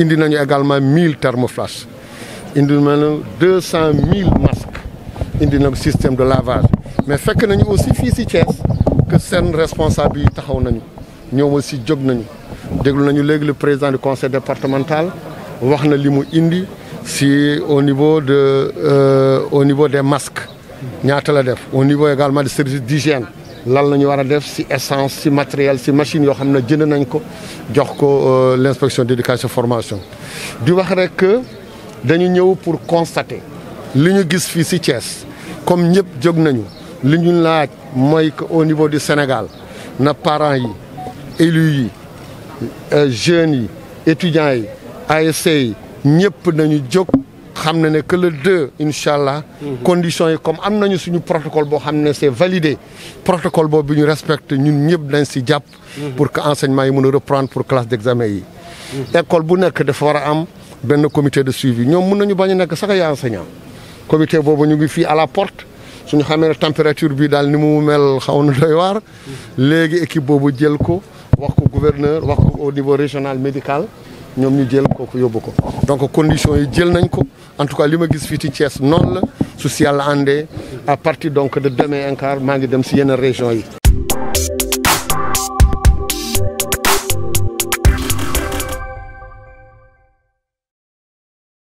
indi nañu également mille thermoflash indi nañu deux cent mille indi nañu système de lavage mais fekk nañu aussi fii si Thiès que seen responsable yi taxaw nañu ñoom aussi jóg nañu déglu nañu léegi le président du conseil départemental wax na li mu indi si au niveau de euh, au niveau des masques ñaata la def au niveau également de service d'hygiène lan nañu wara def ci essence ci matériel ci machine yo xamna ne jënd nañ ko jox ko euh, l'inspection d'éducation formation di wax rek dañu ñëw pour constater liñu ñu gis fii ci Thiès comme ñëpp jog nañu liñu laaj moy que au niveau du Sénégal na parents yi élus yi euh, jeunes yi étudiants yi ASC yi ñëpp nañu jog xam na que le deux incha allah. conditions comme am nañu suñu protocole boo xam ne est validé protocole boobu respecte ñun ñëpp dañ si jàpp. pour que enseignement yi mën reprendre pour classe d'examen examen yi. école bu nekk dafa war a am benn comité de suivi ñoom mun nañu bañ a sax ay enseignant comité boobu ñu ngi à la porte suñu xamee ne température bi dal ni mu mel xaw doy war légui équipe bobu jël ko wax ko gouverneur wax ko au niveau régional médical. ñoom ñu jël kooku yóbbu ko donc condition yi jël nañ ko en tout cas li ma gis fii ci Thiès noonu la su si yàlla àndee à partir donc de demain encore maa ngi dem si yenn région yi